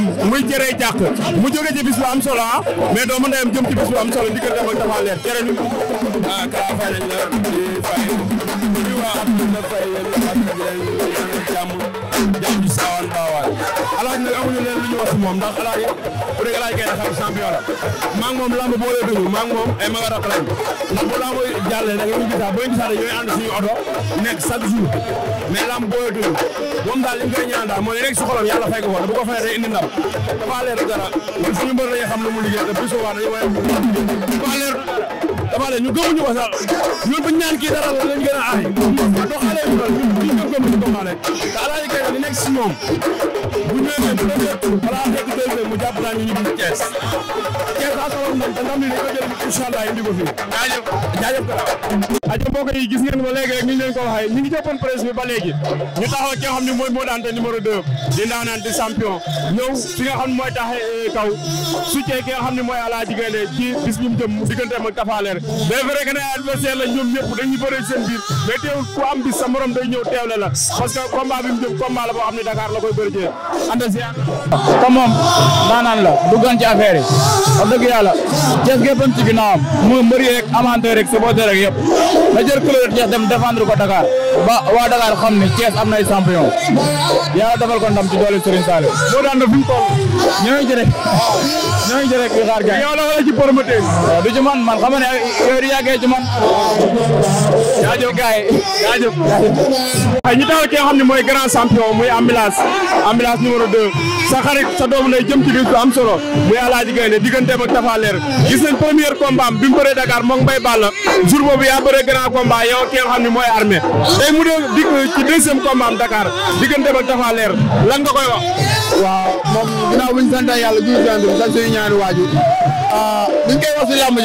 ndeyam muy jëree jàq mu jóge ci bis bu am solo mais doomu ndeyam jëm ci bis am solo diggante ak Tapha Leer jërëjëf ah Kara Faye lañ la alaaj nag amuñu leen lu ñu wax moom ndax alaaj bu dee alaaj kay xam champion la maa ngi moom lamb boole duñu maa ngi moom ay mag a rakk lañ ndax bu lamb jàllee da nga ñu gisaa boo ñu gisaa ñooy ànd suñu oto nekk chaque jour mais lamb boole duñu moom daal li mu koy ñaan daal mooy rek si xolam yàlla fay ko woon bu ko fayee day indi ndam dafa leer dara man suñu mbër lañuy xam lu mu liggéey te bu soobaa dañuy waaye dafa leer dafa leer ñu gëmuñu ko sax ñun bu ñaan kii dara la lañ gën a aay doxalee ñu doon ñu ñu gëm ko doxalee te alaaj kay li nekk si moom bu ñëwee bu demee balaa fekk deuxième mu jàpp ñu ngi Thiès. ko yi gis ngeen ma léegi waxee ñu ngi jëppoon presse bi ba léegi ñu taxaw ki xam ne mooy Modou Anta numéro 2 di ndaanaan di champion ñëw fi nga xam ne mooy tax kaw succee ki nga xam ne mooy Ala Digané ci bis ñu jëm digganteem ak Tafaleer mais vrai que ne adversaire la ñoom ñëpp dañuy bëre seen biir mais teewul am bis sa morom day ñëw teewle la parce que combat bi mu jëm combat la boo xam ne Dakar la koy bëri anta si te moom daanaan la duggan ci affaire yi wax dëgg yàlla Thiès géppam ci ginnaawam muy mbëri yeeg amateur rek supporter rek yëpp na jël couleur Thiès dem défendre ko Dakar ba waa Dakar xam ne Thiès am na ay champion yàlla defal ko ndam ci doole Serigne Saliou moo daan na fi mu toll ñoo ngi ci rek ñoo ngi ci rek xaar gaay yow la wala ci promoteur du ci man man xam nga ne yow di yàggee ci man jaajëf gaay jaajëf ay ñu taxaw mooy grand champion muy ambulance ambulance numéro 2 sa xarit sa doomu lay jëm ci di bu am solo muy Alaaji Gaynde digganteem ak Tapha Leer premier combat bi mu Dakar moom Mbaye grand combat yow ki nga xam ne mooy armée tey mu dee di ci deuxième combat am Dakar diggante ak Tapha Leer lan nga koy wax. waaw moom ginnaaw bi ñu sant yàlla jiw sant bi sant suñu ñaari waajur. ah li ñu koy wax si làmb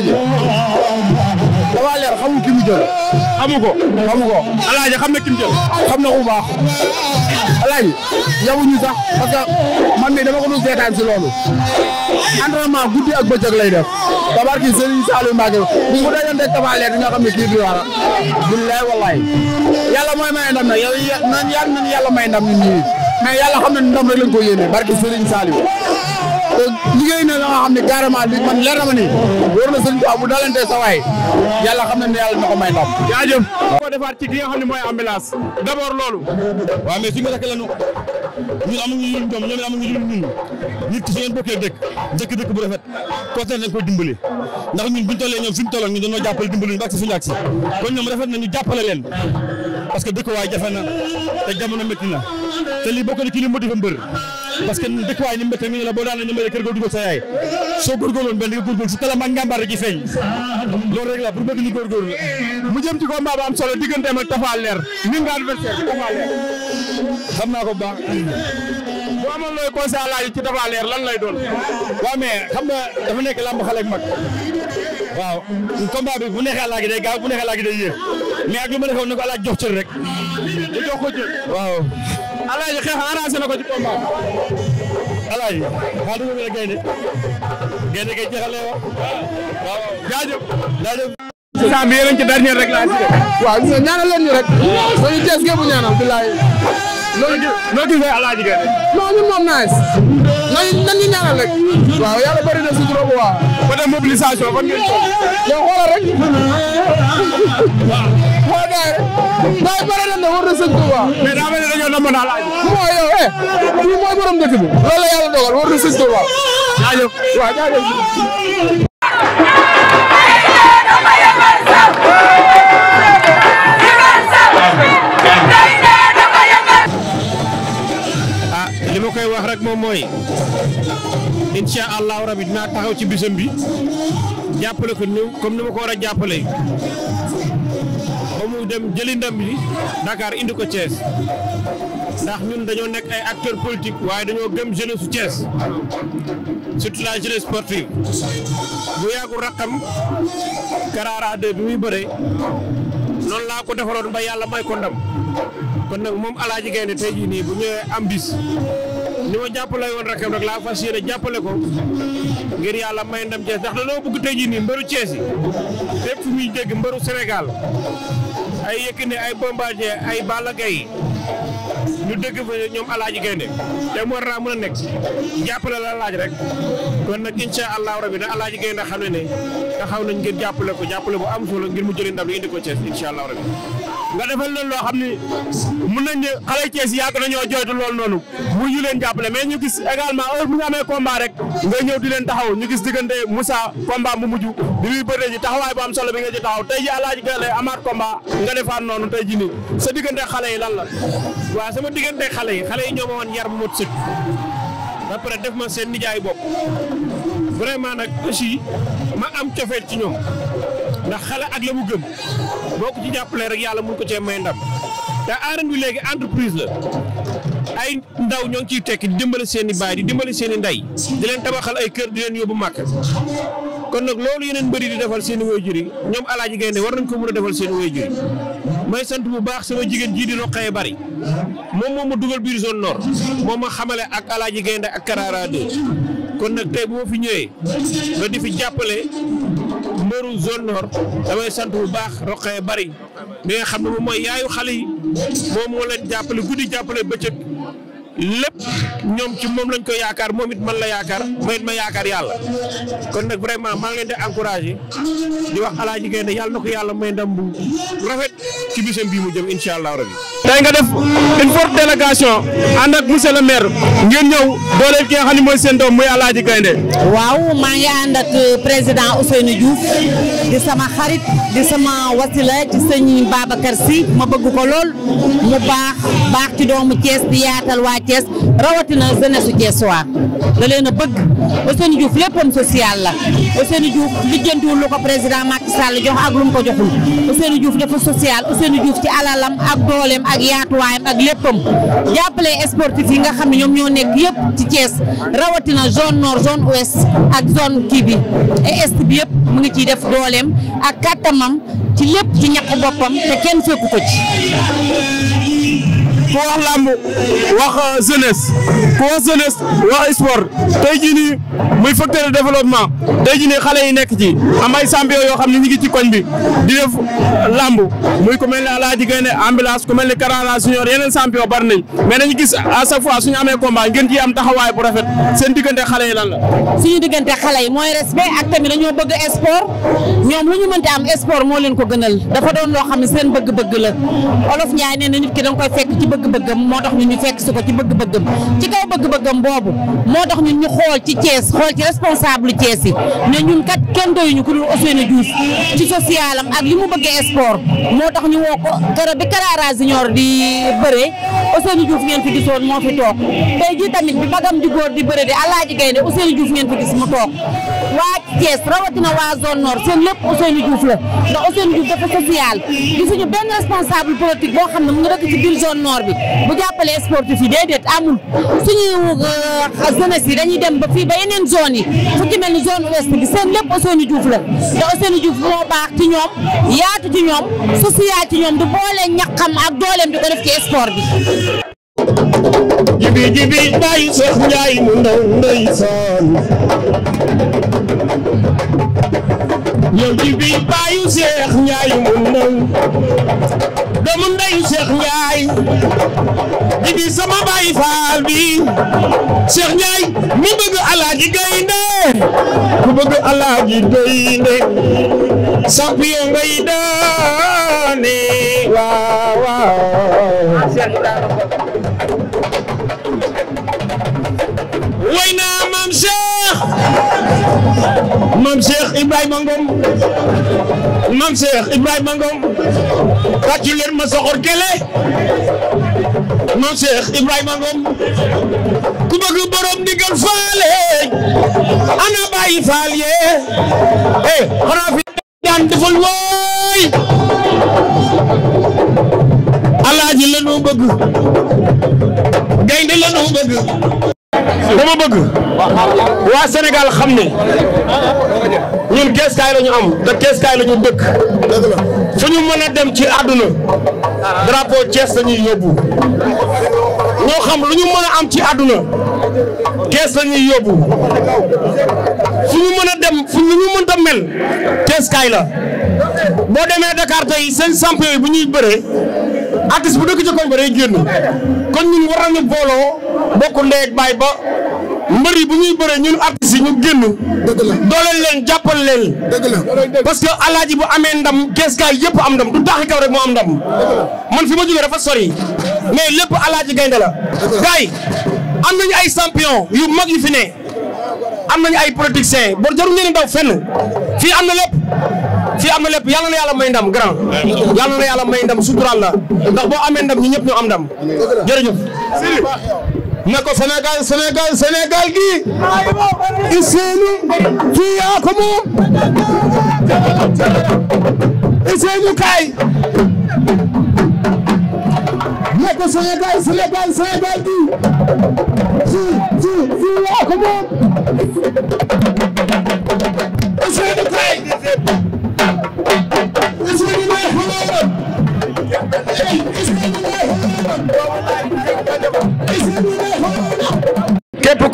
ji man li dafa leer xamul ki mu jël. xamu ko. xamu ko Alaaji xam na ki mu jël. xam na ku baax Alaaji yabuñu sax parce que man mii dama ko doon seetaan si loolu. entraînement guddi ak bëccëg lay def. tabaar kii Serigne Saliou Mbacke bu mu dajanteeg dafa leer di nga xam ne kii bi war a. billaay wallaay. na mooy may ndam nag yàlla nañ yàlla may ndam nit ñi mais yàlla xam na ndam rek lañ ko yéene barki Serigne Saliou. liggéey na la nga xam ne carrément li man leer na na sëñ Tuubaa bu dalante sa waay yàlla xam na ne yàlla na ko may ndam jaajëf ko defaat ci ki loolu waaw mais fi nga rek la ñu ñun amuñu ñun ñoom ñoom amuñu ñun ñun nit dëkk dëkk bu rafet kontaan nañ ko dimbali ndax ñun buñ tollee ñoom fi ñu tolloon ñu dañoo jàppale dimbali ñu ba ci suñu ak si kon ñoom rafet na ñu jàppale leen parce que dëkk waay jafe na te parce que dëkkuwaay ni mbëkk ñu la boo daan na ñu mbëkk kër ga dugal sa yaay soo góorgóorloon benn nga góorgóorlu si talam ak feeñ loolu rek la pour bëgg ñu góorgóorlu mu jëm ci combat ba solo digganteem ak Tapha Leer ni nga adversaire Tapha Leer xam naa ko bu baax boo Leer lan lay doon waaw mais xam nga dafa nekk làmb xale ak mag waaw combat bi bu neexee laaj day gaaw bu neexee laaj day yéex mais ak lu ma defoon ni ko alaaj jox cër rek jox ko cër waaw Alaaji xeex arrangé na ko ci combat Alaaji xaar dugg na gaynde gaynde kay jeexalee waaw jaajëf jaajëf sant bi yéen ci dernier rek laa ci def waaw ñu ñaanal leen ñu rek dañu tees gépp ñaanal bilaay loolu gis noo gisee Alaaji gaynde non ñun moom nice nan nan ñu ñaanal rek. waaw yàlla bëri na sutura bu baax. ba dem mobilisation fan ngeen toog. yow xoolal rek. xool naa rek. waaye na ne war na sëñ Touba. mais daa mel ni dañoo namm naa laaj. moo yow eh. kii mooy borom dëkk bi. loolu la dogal war na sëñ Touba. jaajëf waaw jaajëf. wax rek moom mooy incha allahu rabi dinaa taxaw ci bisam bi jàppale ko ni comme ni ma ko war a jàppale ba mu dem jëli ndam bi Dakar indi ko Thiès ndax ñun dañoo nekk ay acteurs politiques waaye dañoo gëm jeunesse su Thiès surtout la jeunesse sportive bu yàggul raqam Karaara bi muy bëre noonu laa ko defaloon ba yàlla may ko kon nag moom Alaaji Gaynde tey jii bu ñëwee am bis ni ma jàppale woon rakam rek laa fas yéene jàppale ko ngir yàlla may ndam Thiès ndax dañoo bëgg tey jii nii mbëru Thiès yi fépp fu muy dégg mbëru Sénégal ay Yékini ay Bombardier ay Balla Gaye ñu fa ñoom alaaji gaynde te mu war naa mën a nekk jàppale la laaj rek kon nag incha allahu rabi na alaaji gaynde xam ne ne taxaw nañ ngir jàppale ko jàppale ko am solo ngir mu jëli ndam lu indi ko Thiès incha allahu rabi nga defal leen loo xam ni mun nañ ne xale Thiès yàgg na jooytu loolu noonu muy ñu leen jàppale mais ñu gis également heure bu ñu amee combat rek nga ñëw di leen taxaw ñu gis diggante Moussa combat bu mujj mu muy bëree ji taxawaay bo am solo bi nga ci taxaw tey ji Alaaji Gale amaat combat nga defaat noonu tey ji nii sa diggante xale yi lan la. waaw sama diggante xale yi xale yi ñoo ma woon yar bu mot sëkk ba pare def ma seen nijaay bopp vraiment nag aussi ma am cofeel ci ñoom. ndax xale ak la mu gëm boo ko ci jàppalee rek yàlla mun ko cee may ndam te arène bi léegi entreprise la ay ndaw ñoo ngi ciy tekki di dimbali seen i baay di dimbali seen i ndey di leen tabaxal ay kër di leen yóbbu màkk kon nag loolu yeneen mbëri di defal seen i waajur yi ñoom Alaaji Gaynde war nañ ko mën a defal seen i waajur yi may sant bu baax sama jigéen jii di roqee bari moom moom ma dugal biir zone nord moom ma xamale ak Alaaji Gaynde ak Karara kon nag tey mbirum zone nord damay sant bu baax roqee bari mi nga xam ne moom mooy yaayu xale yi moom moo leen jàppale guddi jàppale bëccëg lépp ñoom ci moom lañ ko yaakaar moom it man la yaakaar ma it ma yaakaar yàlla kon nag vraiment maa ngi leen di encouragé di wax Alaaji Gaynde yàlla na ko yàlla may ndam bu rafet ci bisam bii mu jëm incha allah rabi. tey nga def une forte délégation ak monsieur le maire ngeen ñëw dooleel ki nga xam ne mooy seen doom muy Alaaji Gaynde. waaw maa ngi ànd ak président Ousseynou Diouf di sama xarit di sama wasila ci sëñ Babacar Sy ma bëgg ko lool mu baax baax ci doomu Thiès di yaatal waa Thiès rawatina jeunesse su Thiès waa da leen a bëgg Ousseynou Diouf léppam social la seeni Diouf lijjantiwul lu ko président Macky Sall jox ak lu mu ko joxul Ousseynou Diouf dafa social Ousseynou Diouf ci alalam ak dooleem ak yaatuwaayam ak léppam jàppale sportif yi nga xam ne ñoom ñoo nekk yëpp ci Thiès rawatina zone nord zone ouest ak zone kii bi est bi yëpp mu ngi ciy def dooleem ak kattamam ci lépp ci ñaq boppam te kenn fekku ko ci ku wax làmb wax euh, jeunesse ku wax jeunesse wax sport tey jii nii muy facteur de développement tey jii nii xale yi nekk ci am ay champion yoo xam ne ñu ci koñ bi di def làmb muy ku mel ne Alaaji Gaynde ambulance ku mel ne Karana Junior yeneen champion bari nañ mais nañu gis a chaque fois suñu amee combat ngeen ci am taxawaay bu rafet seen diggante xale yi lan la. suñu diggante xale yi mooy respect ak tamit dañoo bëgg sport ñoom lu ñu mënti am sport moo leen ko gënal dafa doon loo xam ne seen bëgg-bëgg la Olof Njaay nee na nit ki danga koy fekk ci bëgg bëgg-bëggam moo tax ñun ñu fekk su ko ci bëgg bëgg boobu moo tax ñun ñu xool ci Thiès xool ci responsable Thiès yi ne ñun kat kenn doyuñu ku dul Ousseynou Diouf ci social am ak li mu bëggee sport moo tax ñu woo ko keroog bi di bëree Ousseynou Diouf ngeen fi gisoon di bëre di Alaaji Gaynde Ousseynou Diouf ngeen fi gis mu toog waa la ndax Ousseynou Diouf dafa social gisuñu benn responsable politique boo xam ne mu ngi dëkk ci biir zone nord bi bu jàppalee sportif yi déedéet amul suñu euh, jeunesse yi dañuy dem ba fii ba yeneen zone yi fu ci zone ouest bi seen lépp Ousseynou Diouf la te Ousseynou Diouf moo baax ci ñoom yaatu ci ñoom social ci ñoom du boole ñaqam ak dooleem di ko def ci sport bi. jibi jibi bàyyi Cheikh Ndiaye mu ndaw ndeysaan yow jibi baayu Seex Njaay mu ndaw doomu ndeyu Seex Njaay jibi sama baay faal bi Seex Njaay mi bëgg alaaji gaynde ku bëgg alaaji gaynde champion ngay daane waaw way naa maam Cheikh maam Cheikh Ibrahima Ngom maam Cheikh Ibrahima Ngom tàccu leen ma soxor kele maam faal yee eh xanaa fi daan waay alaaji la nu bëgg gaynde la dama bëgg waa Sénégal xam ne ñun keeskaay la ñu am te keeskaay la ñu dëkk fu ñu mën a dem ci àdduna drapeau cees la ñuy yóbbu ñoo xam lu ñu mën a am ci àdduna Thiès la ñuy yóbbu fu ñu mën a dem fu ñu mënta mel keeskaay la boo demee Dakar tey seen champion bu ñuy bëree artiste bu dëkk ci koñ ba day génn kon ñun war nañu booloo bokk ndey ak baay ba mbër yi bu ñuy bëree ñun artistes yi ñu génn. dëgg dooleel leen jàppal leen. dëgg la parce que alaaji bu amee ndam kees gaay yëpp am dam du daaxi kaw rek moo am ndam. man fi ma jógee dafa sori mais lépp alaaji gaynde la. gaay am nañu ay champion yu mag yu fi ne am nañu ay politiciens boo jarul ngeen daw fenn fii am na lépp. fii am na lépp yàlla na yàlla may ndam grand yàlla na yàlla may ndam la ndax boo amee ndam ñi ñëpp ñoo am ndam jërëjëf ne ko Sénégal Sénégal Sénégal gi Ousseynou kii yaa ko moom Ousseynou kaay ne ko Sénégal Sénégal Sénégal gi kii kii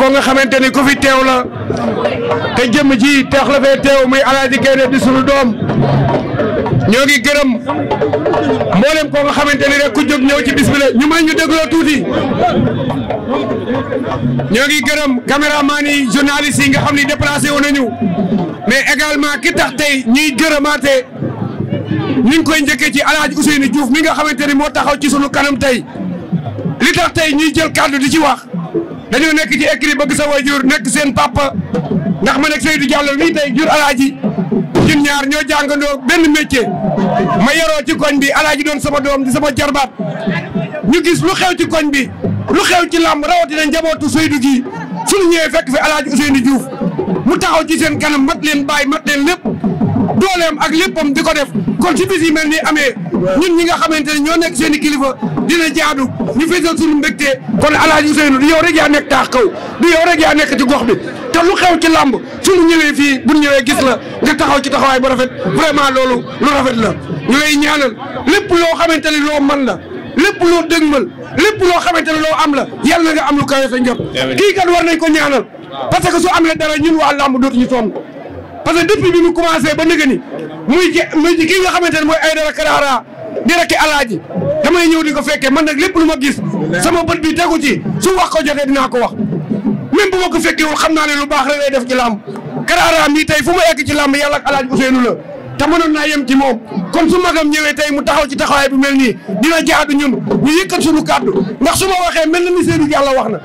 ko nga xamante ni ku fi teew la te jëm ji teex la fee teew muy alaaji Gaynde di sunu doom ñoo ngi gërëm mboolem ko nga xamante ni rek ku jóg ñëw ci bis bi ñu may ñu dégloo tuuti ñoo ngi gërëm caméraman yi journaliste yi nga xam ni déplacé na nañu mais également ki tax tey ñi gërëmaate ñu ngi koy njëkkee ci alaaji Ousseynou Diouf mi nga xamante ni moo taxaw ci sunu kanam tey li tax tey ñuy jël kàddu di ci wax dañoo nekk ci écrit bëgg sa waajur nekk seen papa ndax ma nekk Seydou Diallo mii tey jur alaaji ñun ñaar ñoo jàngandoo benn métier ma yaroo ci koñ bi alaaji doon sama doom di sama jarbaat ñu gis lu xew ci koñ bi lu xew ci làmb rawatina njabootu Seydou gi suñu ñëwee fekk fi alaaji Ousseynou Diouf mu taxaw ci seen kanam mat leen bàyyi mat leen lépp dooleem ak léppam di ko def kon ci bis yi mel ni amee ñun ñi nga xamante ne ñoo nekk seen i kilifa dina jaadu ñu feesal suñu mbégte kon Alaaji Ousseynou du yow rek yaa nekk taax kaw du yow rek yaa nekk ci gox bi te lu xew ci làmb suñu ñëwee fii bu ñëwee gis la nga taxaw ci taxawaay bu rafet vraiment loolu lu rafet la ñu lay ñaanal lépp loo xamante ne loo man la lépp loo dëgmal lépp loo xamante ne loo am la yàlla na nga am lu kawe sa njot kii kat war nañ ko ñaanal parce que su amee dara ñun waa làmb dootuñu sonn parce que depuis bi mu commencé ba nëgë ni muy ci muy ci kii nga xamante ne mooy Aidara Karara di rakki alaaji damay ñëw di ko fekkee man nag lépp lu ma gis sama bët bi tegu ci su wax ko jotee dinaa ko wax même bu ma ko fekkewul xam naa ne lu baax ay def ci làmb Karara mii tey fu ma egg ci làmb yàlla ak alaaji Ousseynou la te mënoon naa yem ci moom kon su magam ñëwee tey mu taxaw ci taxawaay bu mel nii dina jaadu ñun ñu yëkkat suñu kàddu ndax su ma waxee mel na ni Seydou Diallo wax na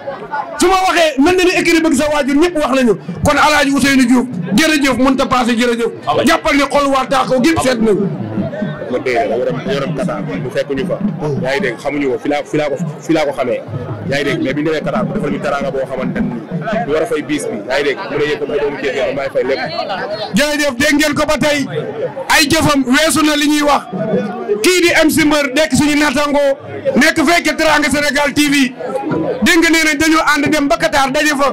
su ma waxee mel na ni écrit bëgg sa waajur ñëpp wax nañu kon El Hadj Ousseynou Diouf jërëjëf mënut a passé jërëjëf jàppal ni xol waa taakoo gépp seet nañu ma déedéet dama a ñoo dem Qatar bu fekkuñu fa. yaa ngi dégg xamuñu ko fi laa fi laa ko fi laa ko xamee. yaa ngi dégg mais bi ñu demee Qatar bu defal ñu teraanga boo xamante ni ñu war a fay biis bi yaa ngi mu ne yëpp mu doomu jéeg yoon maa ngi fay lépp. jërëjëf ko ba tey ay jëfam weesu na li ñuy wax kii di MC Mbeur nekk suñu naataango nekk fekke teraanga Sénégal TV. nga nee nañ dañoo ànd dem ba Qatar daje fa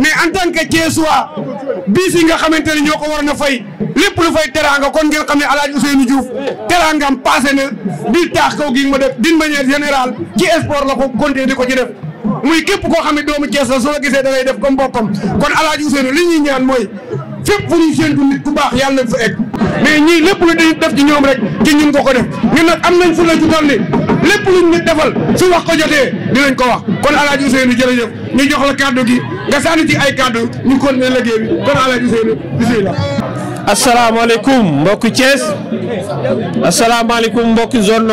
mais en tant que Thiessois bis yi nga xamante ne ñoo ko waroon a fay lépp lu fay teraanga kon ngeen xam ne El Hadj Ousseynou Diouf teraangam passé na di taax kaw gi ma def d'une manière générale ko compté di ko ci def. muy képp koo xam ne doomu Thiès la soo gisee da ngay def comme boppam kon El Hadj Ousseynou li ñuy ñaan mooy fépp fu ñuy séntu ku baax yàlla nañ fa mais ñii lépp def ci ñoom rek ci ñun ko ko def ñun nag am nañ fu la ci toll lépp luñ ñu defal su wax ko jotee dinañ ko wax kon El Hadj Ousseynou jërëjëf ñu jox la kàddu gi nga sànni ci ay kàddu ñu continuer liggéey bi kon El Hadj Ousseynou bisimilah. asalaamaaleykum mbokki Thiès asalaamaaleykum mbokki zone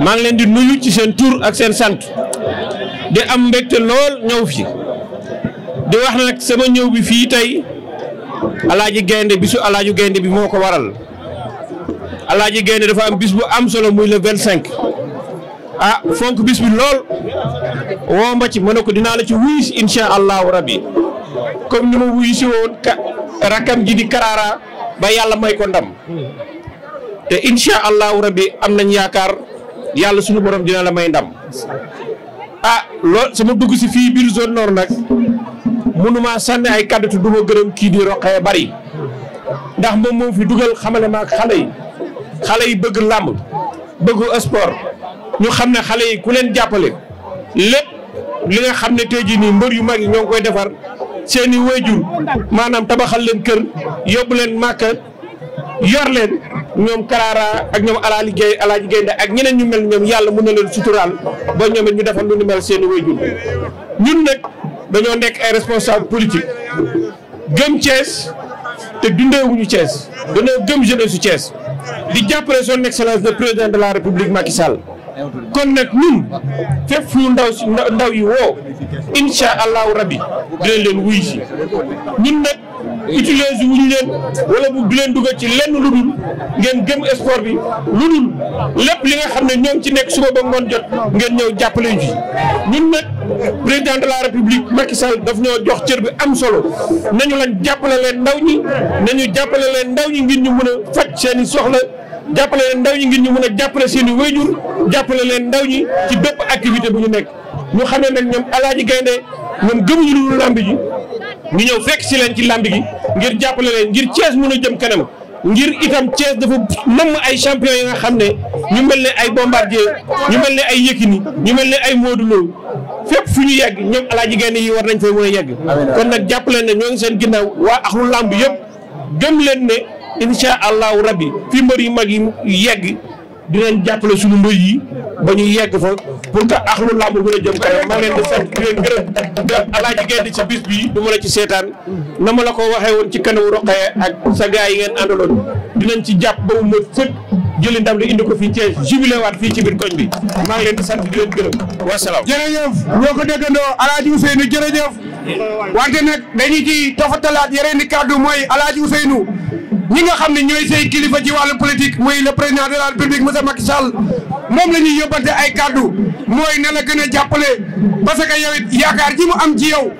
maa ngi leen di nuyu ci seen tur ak seen sant di am mbégte lool ñëw fi di wax nag sama ñëw bi fii tey alaaji gaynde bisu alaaji gaynde bi moo ko waral. Alaaji Gaynde dafa am bis bu am solo muy le vint cinq a ah, fonk bis bi lool woo ma ci ma ne ko dinaa la ci wuyus incha allahu rabbi comme ni ma wuyusi woon rakkam ji di Karara ba yàlla may ko ndam te incha allahu rabbi am nañ yaakaar yàlla suñu borom dina la may ndam ah lool sama dugg si fii biir zone nord nag mënuma sànni ay kàddu du ma gërëm kii di roqee bari ndax moom moo fi dugal xamale maak xale yi xale yi bëgg làmb bëgg sport ñu xam ne xale yi ku leen jàppale lépp li nga xam ne tey jii mbër yu mag yi ñoo koy defar seeni waajur maanaam tabaxal leen kër yóbbu leen màkka yor leen ñoom Karaara ak ñoom Alaali Guèye Alaaji Gaynde ak ñeneen ñu mel ñoom yàlla mën na leen suturaal ba ñoom ñu defal lu ni mel seeni waajur ñun nekk dañoo nekk ay responsable politique gëm Thiès te dundeewuñu Thiès dañoo gëm jeunesse su Thiès di jàppale son excellence le président de la république Macky Sall kon nag ñun fépp fu ndaw si ndaw yi woo incha allahu rabi dinañ leen wuy si utiliser wuñu leen wala bu du leen ci lenn lu dul ngeen gëm sport bi lu dul lépp li nga xam ne ñoo ngi ci nekk suba ba ngoon jot ngeen ñëw jàppale ñu ñun nag président de la république Macky Sall daf ñoo jox cër bi am solo nañu lañ jàppale leen ndaw ñi nañu jàppale leen ndaw ñi ngir ñu mën a faj seeni soxla jàppale leen ndaw ñi ngir ñu mën a jàppale seeni wéyjur jàppale leen ndaw ñi ci bépp activité bu ñu nekk ñu xam ne nag ñoom ñi Gaynde ñoom gëmuñu lu làmb ji ñu ñëw fekk si leen ci làmb gi ngir jàppale leen ngir cees mën a jëm kanam ngir itam Thiès dafa namm ay champion yi nga xam ne ñu mel ne ay bombardier ñu mel ne ay Yékini ñu mel ne ay Modou Lo fépp fu ñu yegg ñoom alaaji gaynde yi war nañ fay mën yegg kon nag jàppale ne ñoo ngi seen ginnaaw waa axlu làmb yëpp gëm leen ne incha allahu rabbi fi mbër yu mag yi yegg dinañ jàppale suñu mbëy yi ba ñu yegg fa pour que ak lu làmb a jëm kanam maa ngi leen di sant di leen gërëm de alaaji Gaynde ci bis bii du ma la ci seetaan na la ko waxee woon ci kanamu Roqee ak sa gars yi ngeen àndaloon dinañ ci jàpp ba mu mën fët jëli ndam indi ko fii Thiès jubilé waat fii ci biir koñ bi maa ngi leen di sant di leen gërëm wasalaam. jërëjëf ñoo ko déggandoo alaaji Ousseynou jërëjëf wante nag dañuy ci tofatalaat yeneen i kàddu mooy alaaji Ousseynou ñi nga xam ne ñooy say kilifa ci wàllu politique muy le président de la république monsieur Macky Sall moom la ñuy yóbbante ay kàddu mooy na la a jàppale parce que yow it ji mu am ci yow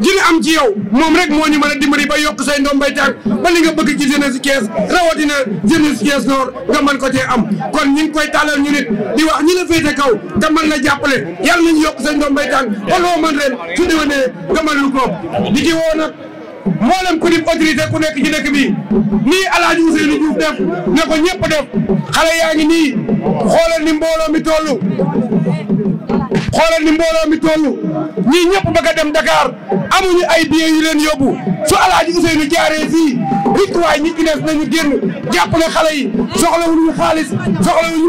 ji ñu am ci yow moom rek moo ñu man a dimbali ba yokk say ndoom bay tànk ba li nga bëgg ci jeunesse Thiès rawatina jeunesse Thiès Nord nga mën ko cee am kon ñu ngi koy tàllal ñu nit di wax ñi la féete kaw te mën la jàppale yàlla nañu yokk say ndoom bay tànk ba loo mën ren su déwénee mboolem ku di autorité ku nekk ci dëkk bi nii El Hadj Ousseynou Diouf def ne ko ñëpp def xale yaa ngi nii xoolal ni mbooloo mi toll. xoolal ni mbooloo mi toll ñii ñëpp bëgg a dem Dakar amuñu ay billets yu leen yóbbu su El Hadj Ousseynou jaaree fii it waay ñi ci des nañu génn jàppale xale yi soxlawuñu xaalis soxlawuñu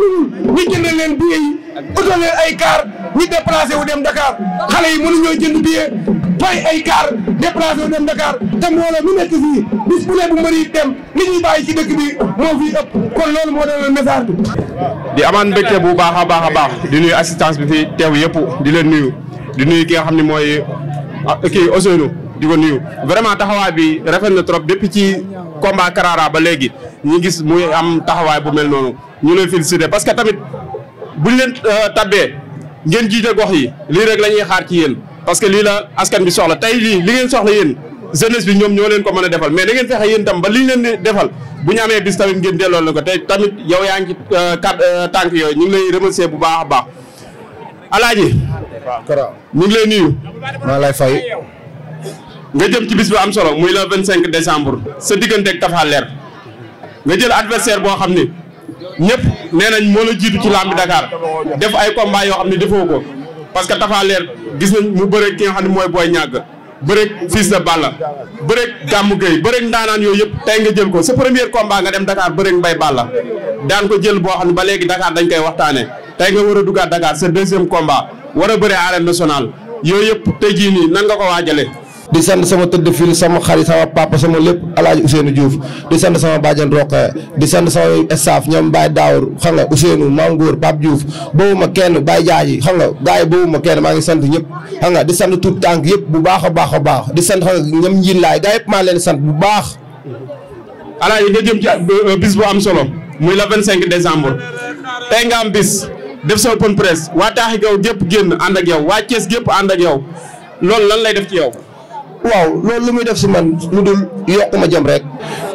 ñu jëndal leen billets utal leen ay car ñu déplacé wu dem Dakar xale yi mënuñoo jënd billet fay ay car déplacé wu dem Dakar te mbooloo mi nekk fii bis bu ne bu mëri dem ni ñuy bàyyi ci dëkk bi moo fi ëpp loolu moo doon message bi. di amaan mbégte bu baax a baax a baax di nuyu assistance bi fi teew yëpp di leen nuyu di nuyu ki nga xam ni mooy ah, kii Ousseynou di ko nuyu vraiment taxawaay bi rafet na trop depuis ci combat Karara ba léegi ñu gis muy am taxawaay bu mel noonu ñu lay féliciter parce que tamit. bu ñu leen euh, tabbee ngeen jiite gox yi lii rek la ñuy xaar ci yéen parce que lii la askan bi soxla tey lii li ngeen soxla yéen jeunesse bi ñoom ñoo leen ko mën a defal mais da ngeen fexe yéen tam ba liñ leen defal bu ñu amee bis tamit ngeen delloo leen ko te tamit yow yaa ngi ci euh, euh, tànk yooyu ñu ngi lay remercier bu baax a baax alaaji yi ñu ngi lay nuyu maa lay fay nga jëm ci bis bu am solo muy la vingt cinq décembre sa diggante ak Tapha Leer nga jël adversaire boo xam ni ñëpp nee nañ moo la jiitu ci làmbi Dakar def ay combat yoo xam ne defoo ko parce que Tapha Leer gis nañ mu bëreeg ki nga xam ne mooy Boy Niang bëreeg Fils de Balla bëreeg Gamou Gueye bëreeg ndaanaan yooyu yëpp tey nga jël ko sa premier combat nga dem Dakar bëreeg mbay Balla daan ko jël boo xam ne ba léegi Dakar dañ koy waxtaanee tey nga war a duggaat Dakar sa deuxième combat war a bëre arène nationale yooyu yëpp tey jii nii nan nga ko waajalee. di sant sama tëdd fil sama xarit sama papa sama lépp alaaji Ousseynou Diouf di sant sama bàjjan Roqe di sant sama staff ñoom Baye Daawur xam nga Ousseynou Maam Góor Pape boobu ma kenn Baye Jaaji xam nga gars yi boobu ma kenn maa ngi sant ñëpp xam nga di sant tout tànk yëpp bu baax a baax a baax di sant xam nga ñoom njiit laay gars maa leen sant bu baax alaaji nga jëm ci euh, euh, bis boo am solo muy la vingt cinq décembre tey nga am bis def sa open press waa taaxi gaw gépp génn ànd ak yow waa gépp ànd ak yow loolu lan lay def ci yow waaw loolu lu muy def si man lu dul yokku ma jëm rek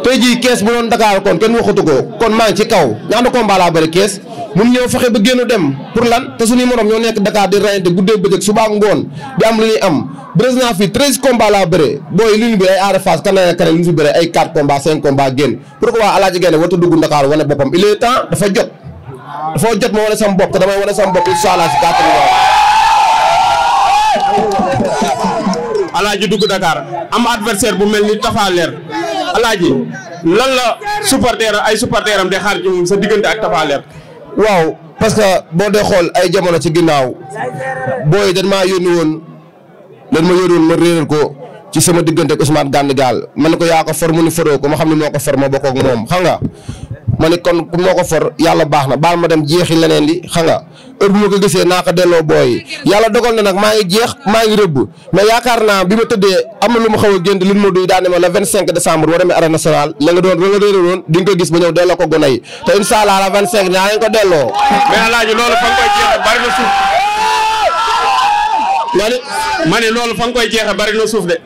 tey jii kees bu doon Dakar kon kenn waxatu ko kon maa ngi ci kaw ñaata combat laa bëri kees mun ñëw fexe ba génn dem pour lan te suñuy morom ñoo nekk Dakar di rayante guddee bëccëg suba ak ngoon di am lu ñuy am président fii treize combats laa bëre booy il est temps dafa jot dafa jot ma wane sama bopp te damay wane sama bopp incha allah si kàttanu alaaji dugg Dakar am adversaire bu mel ni Tapha Leer alaaji lan la supporter ay supporteram di xaar ci moom sa diggante ak Tapha waaw parce que boo dee xool ay jamono ci ginnaaw booy dañ maa yónni woon dañ ma yónni woon ma réeral ko ci sama diggante ak Ousmane Gane Gall man ne ko yaa ko for mu ni foroo ko ma xam ne moo ko for ma bokk ak moom xam nga ma ni kon moo ko for yàlla baax na baax ma dem jeexi leneen li xam nga heure ma ko gisee naa ko delloo booy yàlla dogal na nag maa ngi jeex maa ngi rëbb mais yaakaar naa bi ma tëddee am na lu ma xaw a gént lu ma duy daane ma le 25 décembre boo demee arène nationale la nga doon la nga réeré woon di nga ko gis ba ñëw delloo ko gone yi te incha allah la 25 naa leen ko delloo. mais alaaji loolu fa nga ma ne ma ne loolu fa nga koy jeexee bari na suuf de.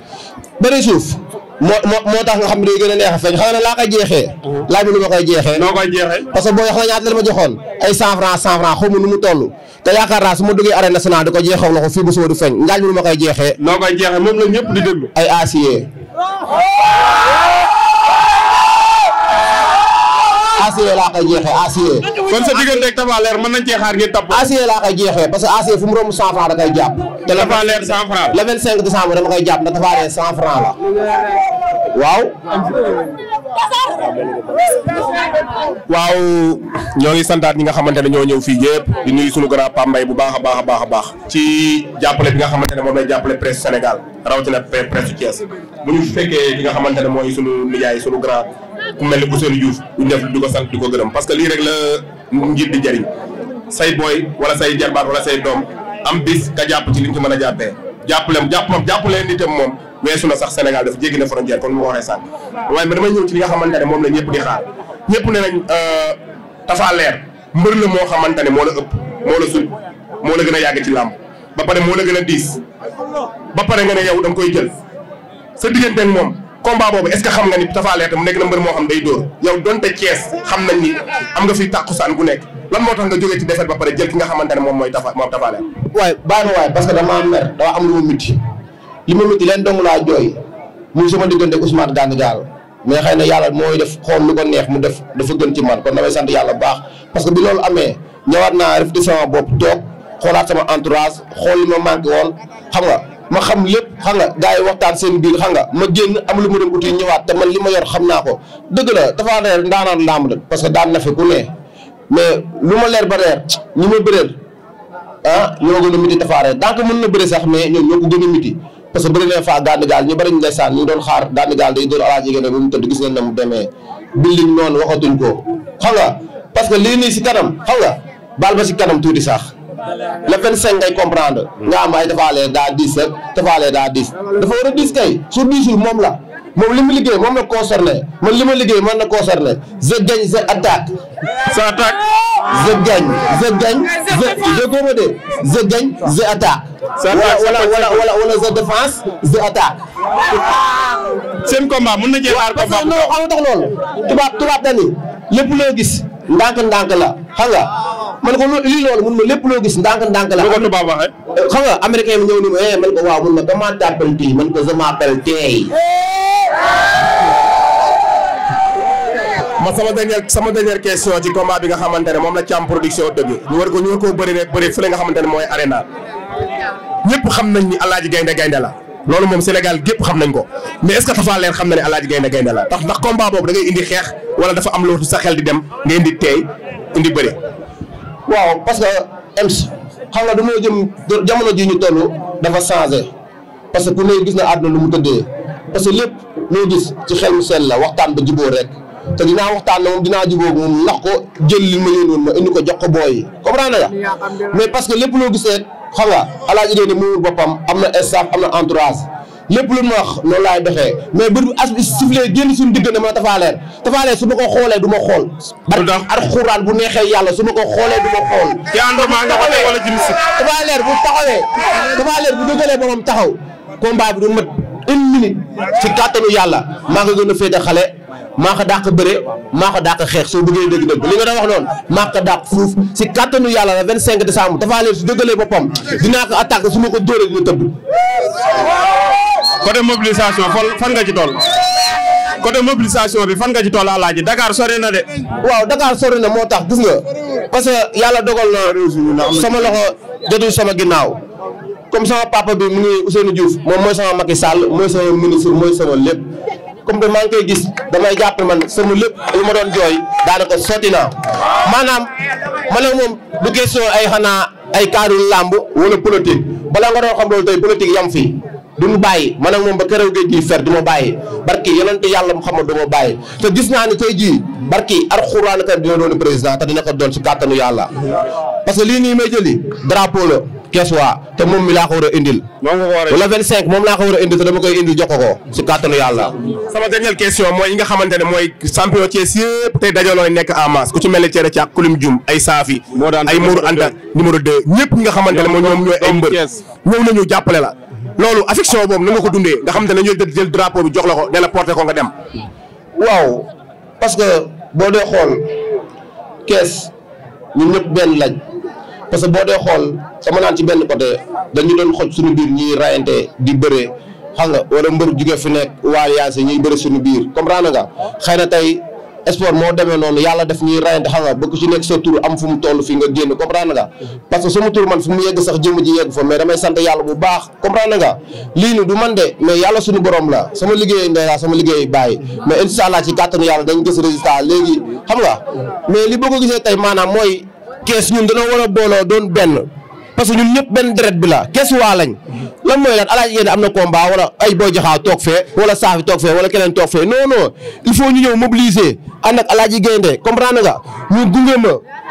bari suuf. moo moo moo tax nga xam ne day gën a neex a feeñ xam ne laa koy jeexee. Uh-huh. laaj ma nu ma koy jeexee. noo koy jeexee. parce que boo xam ne ñaata la ma joxoon ay cent franc cent franc xaw nu mu toll. te yaakaar naa su ma duggee arène nationale di ko jeexoo loxo fii ba suba feeñ laaj ma nu ma koy jeexee. noo koy jeexee moom la ñëpp di déglu. ay acier. acier laa koy jeexee acier. kon sa mën nañ cee xaar ngeen topp. acier laa koy jeexee parce que acier fu mu romb 100 francs da Leer 100 francs. le 25 décembre dama koy jàpp ngi santaat ñi nga xamante ne ñoo ñëw fii yëpp di nuyu suñu grand Pape Mbaye bu baax a baax a baax a baax ci jàppale bi nga xamante ne moom lay jàppale presse Sénégal rawatina na Thiès bu ñu fekkee ki nga xamante ne mooy suñu nijaay suñu grand ku mel ni Ousseynou Diouf duñ def di ko sant di ko gërëm parce que lii rek la njiit di jariñ say booy wala say jarbaat wala say doom am bis nga jàpp ci li ñu ci mën a jàppee jàppalem jàpp leen jàppaleen nitam moom weesu na sax def dafa jéggi na frontière kon mu ko waxee sànq waaye ma damay ñëw ci li nga xamante ne moom la ñëpp di xaar ñëpp ne nañ euh, Tapha Leer mbër la moo xamante ne moo la ëpp moo la sut moo la gën a yàgg ci làmb ba pare moo la gën a diis ba pare nga ne yow da koy jël sa diggante ak moom combat boobu est ce que xam nga ni Tapha Leer tam nekk na mbër moo xam day dóor yow donte Thiès xam nañ ni am nga fi saan gu nekk lan moo tax nga jógee ci défaite ba pare jël ki nga xamante ne moom mooy Tapha moom Tapha Leer waaye bàyyi ma waaye parce que dama mer dama am lu ma métti li ma métti leen dong laa jooy muy sama diggante Ousmane Gandigal mais xëy na yàlla mooy def xool lu ko neex mu def dafa gën ci man kon damay sant yàlla baax parce que bi loolu amee ñëwaat naa refléter sama bopp toog xoolaat sama entourage xool li ma manqué woon xam ma xam lépp xam nga gars yi waxtaan seen biir xam nga ma génn am lu ma dem uti ñëwaat te man li ma yor xam naa ko dëgg la dafa reer ndaanaan làmb la parce que daan na fi ku ne mais lu ma leer ba reer ñi ma bëreel ah ñoo gën a miti dafa reer donc mën na bëri sax mais ñoom ñoo a que bëri na faa gànd gaal ñu bëri ñu ndeysaan ñu doon xaar gànd gaal day doon alaaj jigéen ba mu tëdd gis ngeen na mu demee billiñ noonu waxatuñ ko xam nga parce que lii nii si kanam xam baal ba si kanam tuuti sax le 25 ngay comprendre. nga am tafaale daa 10 tafaale daa 10 dafa war a 10 kay sur 10 jours moom la moom li mu liggéey moom la concerné man li ma liggéey man la concerné je gagne je attaque. je attaque. je gagne je gagne je je góobo de je gagne je attaque. wala wala wala wala je défense je attaque. seen combat mun na jéem aar tubaab tubaab dañuy lépp loo gis. ndànk-ndànk la xam nga man ko lii mun ma lépp loo gis ndànk-ndànk la. lu ko tubaab waxee. xam nga américain bi ñëw ni ma eh man ko waaw mun ma comment t'appelles tu man ko je m'appelle Tey. ma sama dernière sama ci combat bi nga xamante ne moom la Thiam production dëgg ñu war ko ñu war koo bëri rek nga xamante ne mooy arena ñëpp xam nañ ni Alaaji Gaynde Gaynde la. loolu moom Sénégal gépp xam nañ ko mais est ce que Tapha xam na ne Alaaji Gaynde Gaynde la tax ndax combat boobu da ngay indi xeex wala dafa am loolu sa xel di dem nga indi teey indi bëre waaw parce que MC xam nga dañoo jëm jamono ji ñu toll dafa changé parce que ku ne gis na àdduna lu mu tëddee parce que lépp loo gis ci xel mu seen la waxtaan ba jubóo rek. te dinaa waxtaan na moom dinaa jubóog moom lax ko jël li ma yéen woon ma indi ko jox ko booy yi mais parce que lépp loo gisee xam nga alaaji dee ne moomul boppam am na staff am na entourage lépp lu ma wax noonu laay doxee mais bu as sifle génn suñu diggante ma Tapha Leer Tapha Leer su ma ko xoolee du ma xool barke alxuraan bu neexee yàlla su ma ko xoolee du ma xool Tapha Leer bu taxawee Tapha Leer bu dëggalee taxaw combat bi du mat minutes ci kàttanu yàlla maa ko gën a féete xale maa ko dàq bëre maa ko dàq xeex soo bëggee dëgg dëgg li nga doon wax noonu maa ko dàq fuuf ci kàttanu yàlla la 25 décembre dafa leen su dëggalee boppam dinaa ko attaqué su ma ko dóoree dina tëdd. côté mobilisation fan nga ci toll. côté mobilisation bi fan nga ci toll alaaji Dakar sori na de. waaw Dakar sori na moo tax gis nga parce que yàlla dogal na sama loxo jotul sama ginnaaw. comme sama papa bi mu ngi Ousseynou Diouf moom mooy sama Macky Sall mooy sama ministre mooy sama lépp comme que maa ngi koy gis damay jàpp man sama lépp lu ma doon jooy daanaka sotti naa maanaam ma ne moom du question ay xanaa ay cadre làmb wala politique balaa nga doon xam loolu tey politique yam fii du mu bàyyi man ak moom ba keroog géej gi fer du ma bàyyi barki yonente yàlla mu xamal du ma bàyyi te gis naa ni tey jii barki alxuraan ka dina doon président te dina ko doon si kàttanu yàlla parce que lii nii may jëli drapeau kees waa te moom mi laa ko war a indil. a wala 25 moom laa te dama koy indil jox ko si kàttanu yàlla. sama dernière question mooy yi nga xamante ne mooy champion Thiès yëpp tey dajaloo nekk en ku ci mel ne Thiéré Thiak Kulim Dioum ay Saafi. ay Mourou Anta numéro 2 ñëpp ñi nga xamante ne mooy ñoom ñooy ay mbër ñëw nañu jàppale la. loolu affection na nga ko dundee nga xamante ne ñooy jël drapeau bi jox la ko boo dee xool kees ñun ñëpp benn lañ parce que boo dee xool sama naan ci benn côté dañu doon xoj suñu biir ñiy na tey sport moo demee def ñuy rayante xam nga ba ku ci nekk sa tur am fu mu toll damay sant yàlla bu baax comprendre nga lii ni du man de mais yàlla suñu borom la sama liggéey ndey sama liggéey bàyyi mais incha allah ci kàttanu yàlla dañ gis résultat léegi xam nga mais li boo ko gisee tey maanaam mooy kees ñun dañoo war a booloo doon benn parce que ñun ñëpp benn dret bi la kees waa lañ lan mooy lan alaaj am na combat wala ay boo jaxaa toog fee wala saafi toog fee wala keneen toog fee non non ñu ñëw mobiliser ànd ak alaaji gaynde comprendre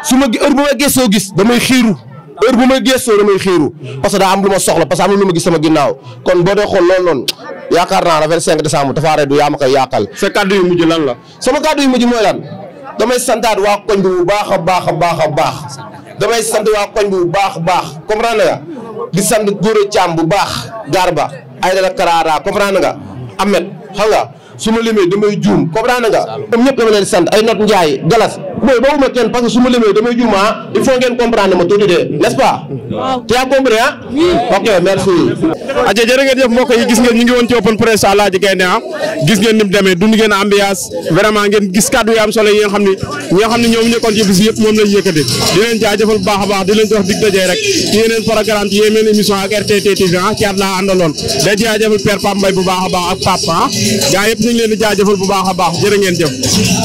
su ma heure bu gis damay xiiru heure bu ma gëstoo damay xiiru parce que daa am lu ma soxla parce que am na lu ma gis sama ginnaaw kon boo dee xool loolu noonu yaakaar naa la 25 décembre dafa arrêté du yaa ma a yàqal. sa kàddu yu mujj lan la. sama kàddu yi mujj mooy lan. damay santaat waa koñ bi bu baax a baax a baax a baax damay sant waa koñ bi bu baax a baax comprendre nga di sant góor a caam bu baax gaar ba ay dala karaara comprendre nga amet xam su ma limee damay juum comprendre nga ñoom ñëpp dama leen sant ay not njaay galas mooy bawuma kenn parce que su ma limee damay juum ah il faut ngeen comprendre ma tuuti de n'est-ce pas tu as compris ah ok merci aja jërë ngeen jëf mbokk yi ngeen ñu ngi woon ci open press Aladji Gaindé ah gis ngeen ni mu demee dund vraiment ngeen gis kàddu yi am solo yi xam ne ñi xam ne ñoom ñëkkoon ci bis yëpp moom a baax di leen jox dig dajee rek ci yeneen ah, laa àndaloon day jaajëfal Père ñu ngi leen di jaajëfal bu baax a baax jërë ngeen